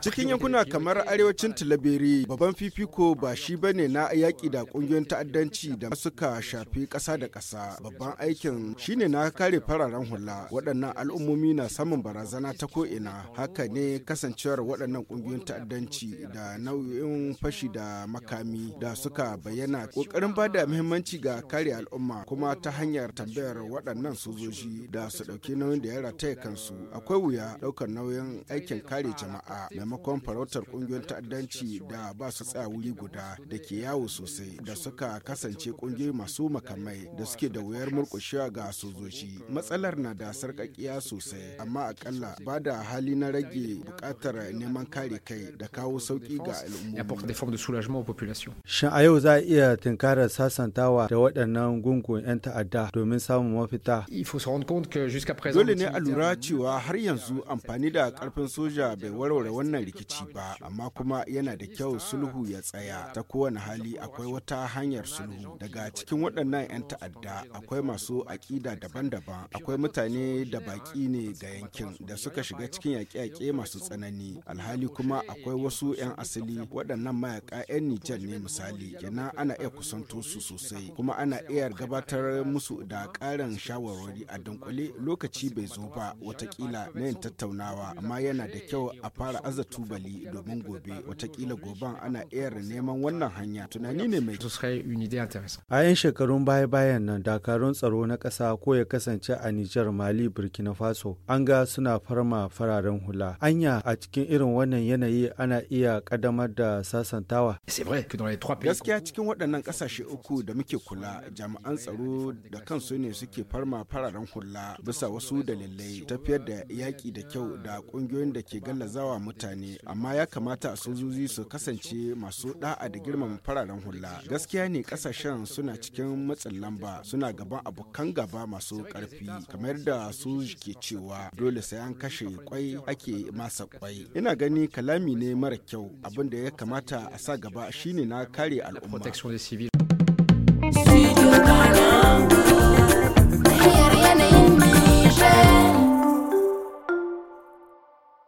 Cikin yankuna kamar arewacin Tilaberi, babban fifiko ba shi ba ne na yaƙi da ƙungiyoyin ta'addanci da suka shafi ƙasa da ƙasa. Babban aikin shine na kare fararen hula. Waɗannan al'ummomi na samun barazana ta ko'ina. Haka ne kasancewar waɗannan ƙungiyoyin ta'addanci da nau'in fashi da makami da suka bayyana. Ƙoƙarin ba da muhimmanci ga kare al'umma kuma ta hanyar tambayar waɗannan sojoji da su ɗauki nauyin da ya rataya kansu. Akwai wuya ɗaukar nauyin aikin aikin kare jama'a maimakon farautar kungiyoyin ta'addanci da ba su tsaya wuri guda da ke yawo sosai da suka kasance kungiyoyi masu makamai da suke da wuyar murkushewa ga sojoji matsalar na da sarƙaƙiya sosai amma akalla ba da hali na rage buƙatar neman kare kai da kawo sauƙi ga al'ummomi shin a yau za iya tinkara sasantawa da waɗannan gungun 'yan ta'adda domin samun mafita dole ne a lura cewa har yanzu amfani da ƙarfin soja bai warware wannan rikici ba amma kuma yana da kyau sulhu ya tsaya ta kowane hali akwai wata hanyar sulhu daga cikin waɗannan 'yan ta'adda akwai masu aƙida daban-daban akwai mutane da baƙi ne ga yankin da suka shiga cikin yaƙe-yaƙe masu tsanani alhali kuma akwai wasu 'yan asali waɗannan mayaƙa 'yan Nijar ne misali kenan ana iya kusanto su sosai kuma ana iya gabatar musu da ƙarin shawarwari a dunkule lokaci bai zo ba watakila na yin tattaunawa amma yana yana da kyau a fara aza tubali domin gobe watakila goban ana iya neman wannan hanya tunani ne mai a 'yan shekarun baya-bayan nan dakarun tsaro na ƙasa ko ya kasance a nijar mali burkina faso an ga suna farma fararen hula anya a cikin irin wannan yanayi ana iya ƙaddamar da sasantawa gaskiya cikin waɗannan ƙasashe uku da muke kula jami'an tsaro da kansu ne suke farma fararen hula bisa wasu dalilai tafiyar da yaƙi da kyau da ƙungiyoyin da ke gallazawa mutane amma ya kamata a sojoji su kasance masu da'a da girmama fararen hula gaskiya ne kasashen suna cikin matsin lamba suna gaban abokan gaba masu karfi kamar da su ke cewa dole sai an kashe kwai ake masa kwai ina gani kalami ne mara kyau abin da ya kamata a sa gaba shine na kare al'umma